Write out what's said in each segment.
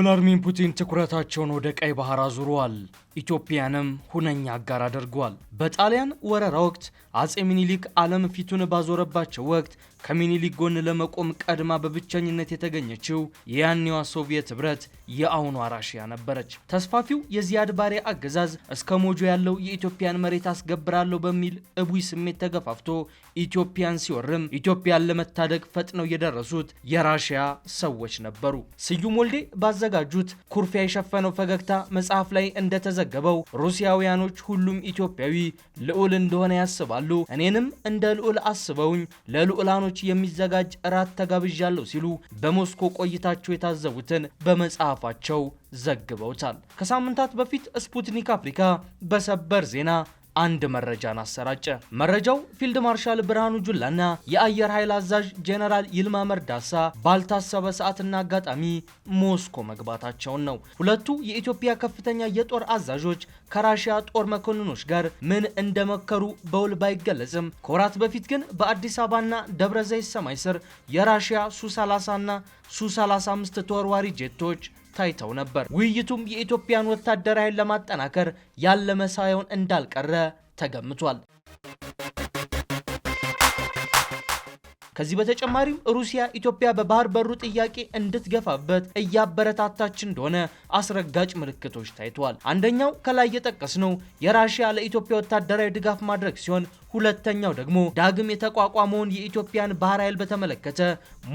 ቭላድሚር ፑቲን ትኩረታቸውን ወደ ቀይ ባህር አዙረዋል። ኢትዮጵያንም ሁነኛ አጋር አድርጓል። በጣሊያን ወረራ ወቅት አጼ ሚኒሊክ ዓለም ፊቱን ባዞረባቸው ወቅት ከሚኒሊክ ጎን ለመቆም ቀድማ በብቸኝነት የተገኘችው የያኔዋ ሶቪየት ኅብረት የአሁኗ ራሽያ ነበረች። ተስፋፊው የዚያድ ባሬ አገዛዝ እስከ ሞጆ ያለው የኢትዮጵያን መሬት አስገብራለሁ በሚል እቡይ ስሜት ተገፋፍቶ ኢትዮጵያን ሲወርም ኢትዮጵያን ለመታደግ ፈጥነው የደረሱት የራሽያ ሰዎች ነበሩ። ስዩም ወልዴ ባዘ ያዘጋጁት ኩርፊያ የሸፈነው ፈገግታ መጽሐፍ ላይ እንደተዘገበው ሩሲያውያኖች ሁሉም ኢትዮጵያዊ ልዑል እንደሆነ ያስባሉ። እኔንም እንደ ልዑል አስበውኝ ለልዑላኖች የሚዘጋጅ እራት ተጋብዣለሁ ሲሉ በሞስኮ ቆይታቸው የታዘቡትን በመጽሐፋቸው ዘግበውታል። ከሳምንታት በፊት ስፑትኒክ አፍሪካ በሰበር ዜና አንድ መረጃን አሰራጨ። መረጃው ፊልድ ማርሻል ብርሃኑ ጁላና የአየር ኃይል አዛዥ ጄኔራል ይልማ መርዳሳ ባልታሰበ ሰዓትና አጋጣሚ ሞስኮ መግባታቸውን ነው። ሁለቱ የኢትዮጵያ ከፍተኛ የጦር አዛዦች ከራሽያ ጦር መኮንኖች ጋር ምን እንደመከሩ በውል ባይገለጽም ከወራት በፊት ግን በአዲስ አበባና ደብረ ዘይት ሰማይ ስር የራሽያ ሱ30ና ሱ35 ተወርዋሪ ጄቶች ታይተው ነበር። ውይይቱም የኢትዮጵያን ወታደራዊ ኃይል ለማጠናከር ያለመ ሳይሆን እንዳልቀረ ተገምቷል። ከዚህ በተጨማሪም ሩሲያ ኢትዮጵያ በባህር በሩ ጥያቄ እንድትገፋበት እያበረታታች እንደሆነ አስረጋጭ ምልክቶች ታይተዋል። አንደኛው ከላይ የጠቀስነው የራሽያ ለኢትዮጵያ ወታደራዊ ድጋፍ ማድረግ ሲሆን ሁለተኛው ደግሞ ዳግም የተቋቋመውን የኢትዮጵያን ባህር ኃይል በተመለከተ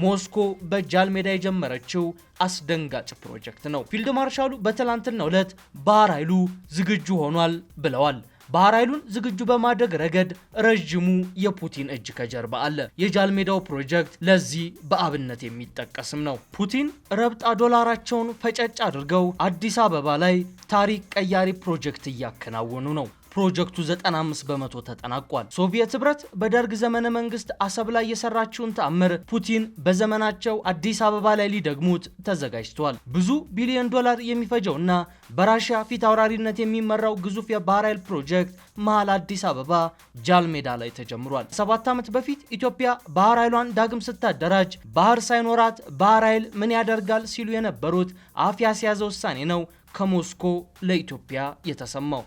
ሞስኮ በጃል ሜዳ የጀመረችው አስደንጋጭ ፕሮጀክት ነው። ፊልድ ማርሻሉ በትላንትናው ዕለት ባህር ኃይሉ ዝግጁ ሆኗል ብለዋል። ባህር ኃይሉን ዝግጁ በማድረግ ረገድ ረዥሙ የፑቲን እጅ ከጀርባ አለ። የጃልሜዳው ፕሮጀክት ለዚህ በአብነት የሚጠቀስም ነው። ፑቲን ረብጣ ዶላራቸውን ፈጨጭ አድርገው አዲስ አበባ ላይ ታሪክ ቀያሪ ፕሮጀክት እያከናወኑ ነው። ፕሮጀክቱ 95 በመቶ ተጠናቋል። ሶቪየት ህብረት በደርግ ዘመነ መንግስት አሰብ ላይ የሰራችውን ተአምር ፑቲን በዘመናቸው አዲስ አበባ ላይ ሊደግሙት ተዘጋጅቷል። ብዙ ቢሊዮን ዶላር የሚፈጀው እና በራሽያ ፊት አውራሪነት የሚመራው ግዙፍ የባህር ኃይል ፕሮጀክት መሀል አዲስ አበባ ጃልሜዳ ላይ ተጀምሯል። ሰባት ዓመት በፊት ኢትዮጵያ ባህር ኃይሏን ዳግም ስታደራጅ ባህር ሳይኖራት ባህር ኃይል ምን ያደርጋል ሲሉ የነበሩት አፍ ያስያዘ ውሳኔ ነው ከሞስኮ ለኢትዮጵያ የተሰማው።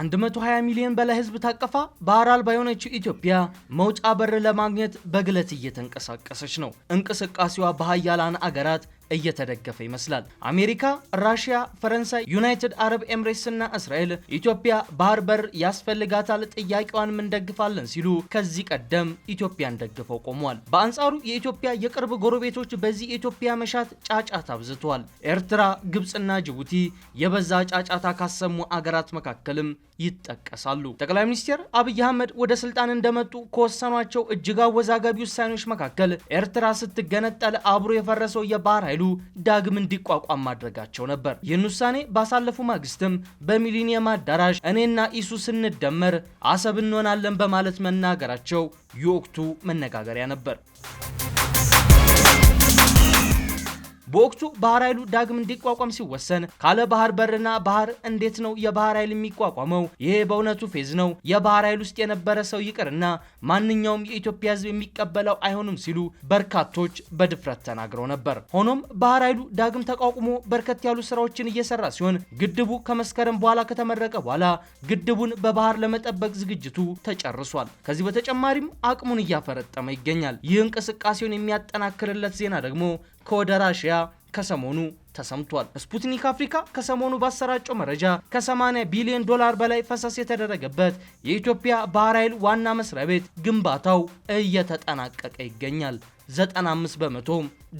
120 ሚሊዮን በላይ ህዝብ ታቀፋ ባህር አልባ የሆነችው ኢትዮጵያ መውጫ በር ለማግኘት በግለት እየተንቀሳቀሰች ነው። እንቅስቃሴዋ በሀያላን አገራት እየተደገፈ ይመስላል። አሜሪካ፣ ራሽያ፣ ፈረንሳይ፣ ዩናይትድ አረብ ኤምሬትስ እና እስራኤል ኢትዮጵያ ባህር በር ያስፈልጋታል ጥያቄዋንም እንደግፋለን ሲሉ ከዚህ ቀደም ኢትዮጵያን ደግፈው ቆሟል። በአንጻሩ የኢትዮጵያ የቅርብ ጎረቤቶች በዚህ ኢትዮጵያ መሻት ጫጫታ አብዝተዋል። ኤርትራ፣ ግብፅና ጅቡቲ የበዛ ጫጫታ ካሰሙ አገራት መካከልም ይጠቀሳሉ። ጠቅላይ ሚኒስትር አብይ አህመድ ወደ ስልጣን እንደመጡ ከወሰኗቸው እጅግ አወዛጋቢ ውሳኔዎች መካከል ኤርትራ ስትገነጠል አብሮ የፈረሰው የባህር ኃይል ኃይሉ ዳግም እንዲቋቋም ማድረጋቸው ነበር። ይህን ውሳኔ ባሳለፉ ማግስትም በሚሊኒየም አዳራሽ እኔና ኢሱ ስንደመር አሰብ እንሆናለን በማለት መናገራቸው የወቅቱ መነጋገሪያ ነበር። በወቅቱ ባህር ኃይሉ ዳግም እንዲቋቋም ሲወሰን ካለ ባህር በርና ባህር እንዴት ነው የባህር ኃይል የሚቋቋመው? ይሄ በእውነቱ ፌዝ ነው። የባህር ኃይል ውስጥ የነበረ ሰው ይቅርና ማንኛውም የኢትዮጵያ ሕዝብ የሚቀበለው አይሆንም ሲሉ በርካቶች በድፍረት ተናግረው ነበር። ሆኖም ባህር ኃይሉ ዳግም ተቋቁሞ በርከት ያሉ ስራዎችን እየሰራ ሲሆን ግድቡ ከመስከረም በኋላ ከተመረቀ በኋላ ግድቡን በባህር ለመጠበቅ ዝግጅቱ ተጨርሷል። ከዚህ በተጨማሪም አቅሙን እያፈረጠመ ይገኛል። ይህ እንቅስቃሴውን የሚያጠናክርለት ዜና ደግሞ ከወደ ራሽያ ከሰሞኑ ተሰምቷል። ስፑትኒክ አፍሪካ ከሰሞኑ ባሰራጨው መረጃ ከ80 ቢሊዮን ዶላር በላይ ፈሰስ የተደረገበት የኢትዮጵያ ባህር ኃይል ዋና መስሪያ ቤት ግንባታው እየተጠናቀቀ ይገኛል። 95 በመቶ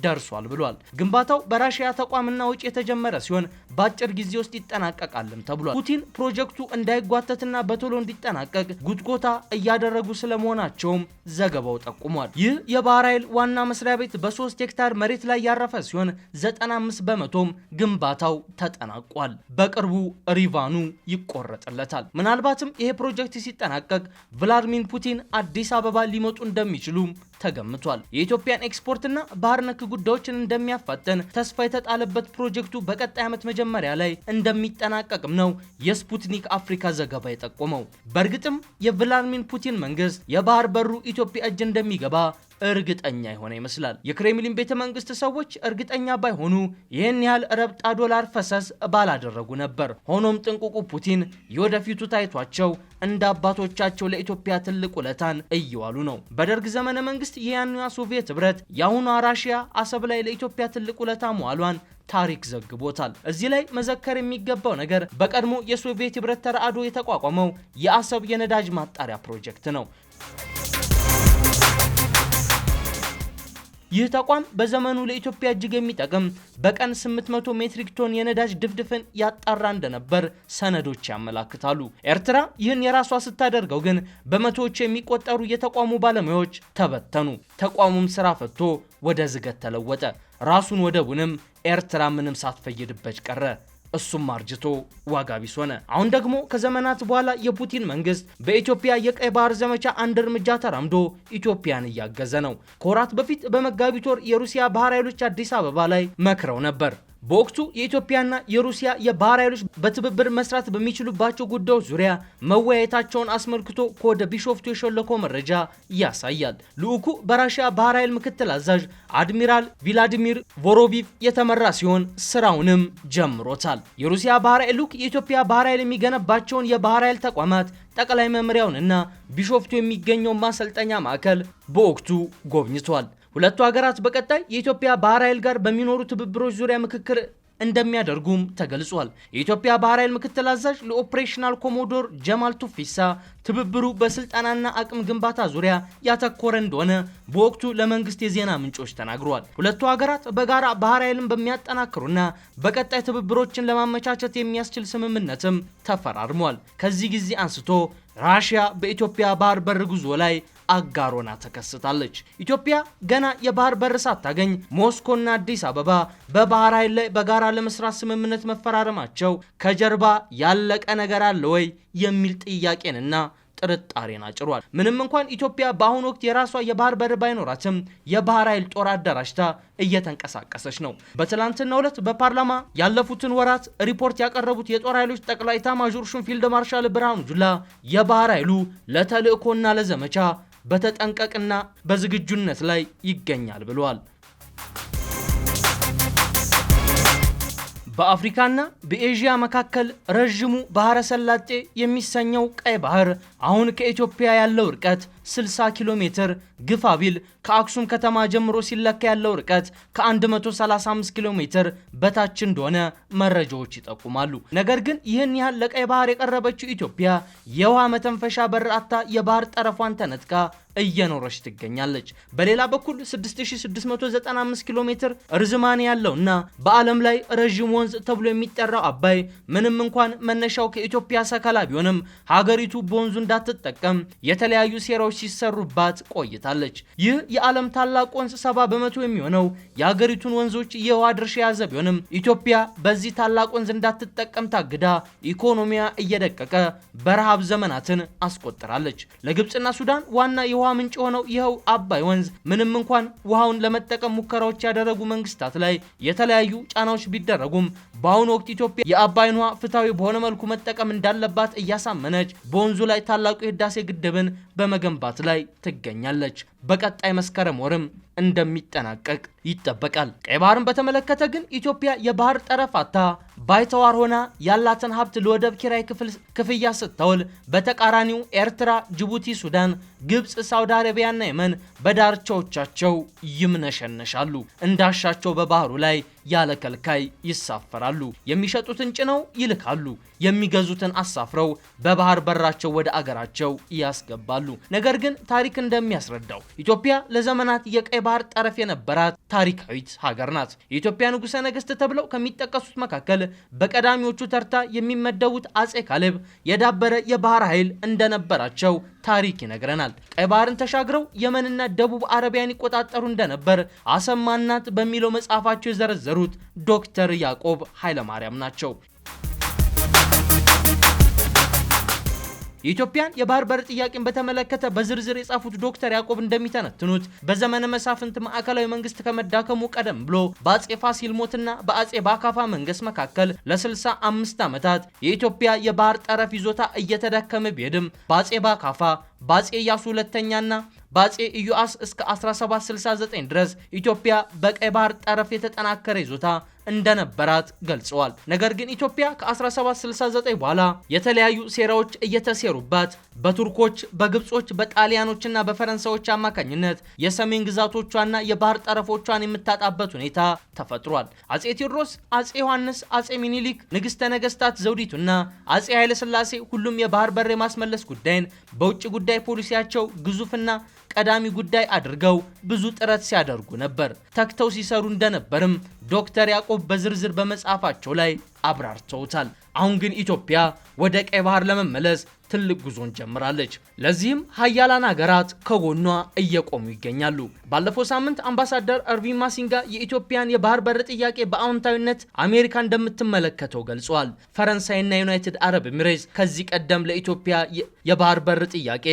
ደርሷል ብሏል። ግንባታው በራሽያ ተቋምና ውጭ የተጀመረ ሲሆን በአጭር ጊዜ ውስጥ ይጠናቀቃልም ተብሏል። ፑቲን ፕሮጀክቱ እንዳይጓተትና በቶሎ እንዲጠናቀቅ ጉትጎታ እያደረጉ ስለመሆናቸውም ዘገባው ጠቁሟል። ይህ የባህር ኃይል ዋና መስሪያ ቤት በ በ3 ሄክታር መሬት ላይ ያረፈ ሲሆን 95 በመቶም ግንባታው ተጠናቋል። በቅርቡ ሪቫኑ ይቆረጥለታል። ምናልባትም ይሄ ፕሮጀክት ሲጠናቀቅ ቭላድሚር ፑቲን አዲስ አበባ ሊመጡ እንደሚችሉ ተገምቷል። የኢትዮጵያን ኤክስፖርትና ባህር ነክ ጉዳዮችን እንደሚያፋጥን ተስፋ የተጣለበት ፕሮጀክቱ በቀጣይ ዓመት መጀመሪያ ላይ እንደሚጠናቀቅም ነው የስፑትኒክ አፍሪካ ዘገባ የጠቆመው። በእርግጥም የቭላድሚር ፑቲን መንግስት የባህር በሩ ኢትዮጵያ እጅ እንደሚገባ እርግጠኛ የሆነ ይመስላል። የክሬምሊን ቤተ መንግስት ሰዎች እርግጠኛ ባይሆኑ ይህን ያህል ረብጣ ዶላር ፈሰስ ባላደረጉ ነበር። ሆኖም ጥንቁቁ ፑቲን የወደፊቱ ታይቷቸው እንደ አባቶቻቸው ለኢትዮጵያ ትልቅ ውለታን እየዋሉ ነው። በደርግ ዘመነ መንግስት የያኗ ሶቪየት ህብረት የአሁኗ ራሽያ አሰብ ላይ ለኢትዮጵያ ትልቅ ውለታ መዋሏን ታሪክ ዘግቦታል። እዚህ ላይ መዘከር የሚገባው ነገር በቀድሞ የሶቪየት ህብረት ተራድኦ የተቋቋመው የአሰብ የነዳጅ ማጣሪያ ፕሮጀክት ነው። ይህ ተቋም በዘመኑ ለኢትዮጵያ እጅግ የሚጠቅም በቀን 800 ሜትሪክ ቶን የነዳጅ ድፍድፍን ያጣራ እንደነበር ሰነዶች ያመላክታሉ። ኤርትራ ይህን የራሷ ስታደርገው ግን በመቶዎች የሚቆጠሩ የተቋሙ ባለሙያዎች ተበተኑ። ተቋሙም ስራ ፈቶ ወደ ዝገት ተለወጠ። ራሱን ወደቡንም ኤርትራ ምንም ሳትፈይድበት ቀረ። እሱም አርጅቶ ዋጋ ቢስ ሆነ። አሁን ደግሞ ከዘመናት በኋላ የፑቲን መንግስት በኢትዮጵያ የቀይ ባህር ዘመቻ አንድ እርምጃ ተራምዶ ኢትዮጵያን እያገዘ ነው። ከወራት በፊት በመጋቢት ወር የሩሲያ ባህር ኃይሎች አዲስ አበባ ላይ መክረው ነበር። በወቅቱ የኢትዮጵያና የሩሲያ የባህር ኃይሎች በትብብር መስራት በሚችሉባቸው ጉዳዮች ዙሪያ መወያየታቸውን አስመልክቶ ከወደ ቢሾፍቱ የሾለከው መረጃ ያሳያል። ልዑኩ በራሽያ ባህር ኃይል ምክትል አዛዥ አድሚራል ቪላዲሚር ቮሮቪቭ የተመራ ሲሆን ስራውንም ጀምሮታል። የሩሲያ ባህር ኃይል ልዑክ የኢትዮጵያ ባህር ኃይል የሚገነባቸውን የባህር ኃይል ተቋማት ጠቅላይ መምሪያውንና ቢሾፍቱ የሚገኘውን ማሰልጠኛ ማዕከል በወቅቱ ጎብኝቷል። ሁለቱ ሀገራት በቀጣይ የኢትዮጵያ ባህር ኃይል ጋር በሚኖሩ ትብብሮች ዙሪያ ምክክር እንደሚያደርጉም ተገልጿል። የኢትዮጵያ ባህር ኃይል ምክትል አዛዥ ለኦፕሬሽናል ኮሞዶር ጀማል ቱፊሳ ትብብሩ በስልጠናና አቅም ግንባታ ዙሪያ ያተኮረ እንደሆነ በወቅቱ ለመንግስት የዜና ምንጮች ተናግረዋል። ሁለቱ ሀገራት በጋራ ባህር ኃይልን በሚያጠናክሩና በቀጣይ ትብብሮችን ለማመቻቸት የሚያስችል ስምምነትም ተፈራርሟል። ከዚህ ጊዜ አንስቶ ራሽያ በኢትዮጵያ ባህር በር ጉዞ ላይ አጋሮና ተከስታለች። ኢትዮጵያ ገና የባህር በር ሳታገኝ ሞስኮና አዲስ አበባ በባህር ኃይል ላይ በጋራ ለመስራት ስምምነት መፈራረማቸው ከጀርባ ያለቀ ነገር አለ ወይ የሚል ጥያቄንና ጥርጣሬን አጭሯል። ምንም እንኳን ኢትዮጵያ በአሁኑ ወቅት የራሷ የባህር በር ባይኖራትም የባህር ኃይል ጦር አደራጅታ እየተንቀሳቀሰች ነው። በትላንትናው ዕለት በፓርላማ ያለፉትን ወራት ሪፖርት ያቀረቡት የጦር ኃይሎች ጠቅላይ ኤታማዦር ሹም ፊልድ ማርሻል ብርሃኑ ጁላ የባህር ኃይሉ ለተልዕኮና ለዘመቻ በተጠንቀቅና በዝግጁነት ላይ ይገኛል ብለዋል። በአፍሪካና በኤዥያ መካከል ረዥሙ ባህረ ሰላጤ የሚሰኘው ቀይ ባህር አሁን ከኢትዮጵያ ያለው ርቀት 60 ኪሎ ሜትር ግፋ ቢል ከአክሱም ከተማ ጀምሮ ሲለካ ያለው ርቀት ከ135 ኪሎ ሜትር በታች እንደሆነ መረጃዎች ይጠቁማሉ። ነገር ግን ይህን ያህል ለቀይ ባህር የቀረበችው ኢትዮጵያ የውሃ መተንፈሻ በር የባህር ጠረፏን ተነጥቃ እየኖረች ትገኛለች። በሌላ በኩል 6695 ኪሎ ሜትር ርዝማን ያለው እና በዓለም ላይ ረዥም ወንዝ ተብሎ የሚጠራው አባይ ምንም እንኳን መነሻው ከኢትዮጵያ ሰከላ ቢሆንም ሀገሪቱ በወንዙ እንዳትጠቀም የተለያዩ ሴራዎች ሲሰሩባት ቆይታለች። ይህ የዓለም ታላቅ ወንዝ 70 በመቶ የሚሆነው የሀገሪቱን ወንዞች የውሃ ድርሻ የያዘ ቢሆንም ኢትዮጵያ በዚህ ታላቅ ወንዝ እንዳትጠቀም ታግዳ ኢኮኖሚያ እየደቀቀ በረሃብ ዘመናትን አስቆጥራለች። ለግብፅና ሱዳን ዋና የውሃ ምንጭ የሆነው ይኸው አባይ ወንዝ ምንም እንኳን ውሃውን ለመጠቀም ሙከራዎች ያደረጉ መንግስታት ላይ የተለያዩ ጫናዎች ቢደረጉም በአሁኑ ወቅት ኢትዮጵያ የአባይን ውሃ ፍትሐዊ በሆነ መልኩ መጠቀም እንዳለባት እያሳመነች በወንዙ ላይ ታላቁ የህዳሴ ግድብን በመገንባት ላይ ትገኛለች። በቀጣይ መስከረም ወርም እንደሚጠናቀቅ ይጠበቃል። ቀይ ባህርን በተመለከተ ግን ኢትዮጵያ የባህር ጠረፍ አታ ባይተዋር ሆና ያላትን ሀብት ለወደብ ኪራይ ክፍያ ስታውል፣ በተቃራኒው ኤርትራ፣ ጅቡቲ፣ ሱዳን፣ ግብፅ፣ ሳውዲ አረቢያና የመን በዳርቻዎቻቸው ይምነሸነሻሉ እንዳሻቸው በባህሩ ላይ ያለ ከልካይ ይሳፈራሉ። የሚሸጡትን ጭነው ይልካሉ። የሚገዙትን አሳፍረው በባህር በራቸው ወደ አገራቸው ያስገባሉ። ነገር ግን ታሪክ እንደሚያስረዳው ኢትዮጵያ ለዘመናት የቀይ ባህር ጠረፍ የነበራት ታሪካዊት ሀገር ናት። የኢትዮጵያ ንጉሠ ነገሥት ተብለው ከሚጠቀሱት መካከል በቀዳሚዎቹ ተርታ የሚመደቡት አጼ ካሌብ የዳበረ የባህር ኃይል እንደነበራቸው ታሪክ ይነግረናል። ቀይ ባህርን ተሻግረው የመንና ደቡብ አረቢያን ይቆጣጠሩ እንደነበር አሰማናት በሚለው መጽሐፋቸው የዘረዘሩት ዶክተር ያዕቆብ ኃይለማርያም ናቸው። የኢትዮጵያን የባህር በር ጥያቄን በተመለከተ በዝርዝር የጻፉት ዶክተር ያዕቆብ እንደሚተነትኑት በዘመነ መሳፍንት ማዕከላዊ መንግስት ከመዳከሙ ቀደም ብሎ በአጼ ፋሲል ሞትና በአጼ ባካፋ መንገስ መካከል ለ65 ዓመታት የኢትዮጵያ የባህር ጠረፍ ይዞታ እየተዳከመ ቢሄድም በአጼ ባካፋ በአጼ ኢያሱ ሁለተኛና በአጼ ኢዮአስ እስከ 1769 ድረስ ኢትዮጵያ በቀይ ባህር ጠረፍ የተጠናከረ ይዞታ እንደነበራት ገልጸዋል። ነገር ግን ኢትዮጵያ ከ1769 በኋላ የተለያዩ ሴራዎች እየተሴሩባት በቱርኮች፣ በግብጾች፣ በጣሊያኖችና በፈረንሳዮች አማካኝነት የሰሜን ግዛቶቿና የባህር ጠረፎቿን የምታጣበት ሁኔታ ተፈጥሯል። አጼ ቴዎድሮስ፣ አጼ ዮሐንስ፣ አጼ ሚኒሊክ፣ ንግስተ ነገስታት ዘውዲቱና አጼ ኃይለሥላሴ ሁሉም የባህር በር የማስመለስ ጉዳይን በውጭ ጉዳይ ፖሊሲያቸው ግዙፍና ቀዳሚ ጉዳይ አድርገው ብዙ ጥረት ሲያደርጉ ነበር። ተክተው ሲሰሩ እንደነበርም ዶክተር ያዕቆብ በዝርዝር በመጽሐፋቸው ላይ አብራርተውታል። አሁን ግን ኢትዮጵያ ወደ ቀይ ባህር ለመመለስ ትልቅ ጉዞን ጀምራለች። ለዚህም ሀያላን ሀገራት ከጎኗ እየቆሙ ይገኛሉ። ባለፈው ሳምንት አምባሳደር እርቪን ማሲንጋ የኢትዮጵያን የባህር በር ጥያቄ በአዎንታዊነት አሜሪካ እንደምትመለከተው ገልጿል። ፈረንሳይና ዩናይትድ አረብ ኤሚሬትስ ከዚህ ቀደም ለኢትዮጵያ የባህር በር ጥያቄ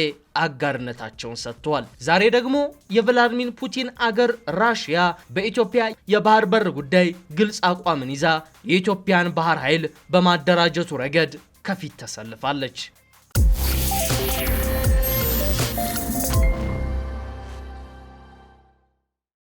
አጋርነታቸውን ሰጥተዋል። ዛሬ ደግሞ የቭላድሚር ፑቲን አገር ራሽያ በኢትዮጵያ የባህር በር ጉዳይ ግልጽ አቋምን ይዛ የኢትዮጵያን ባህር ኃይል በማደራጀቱ ረገድ ከፊት ተሰልፋለች።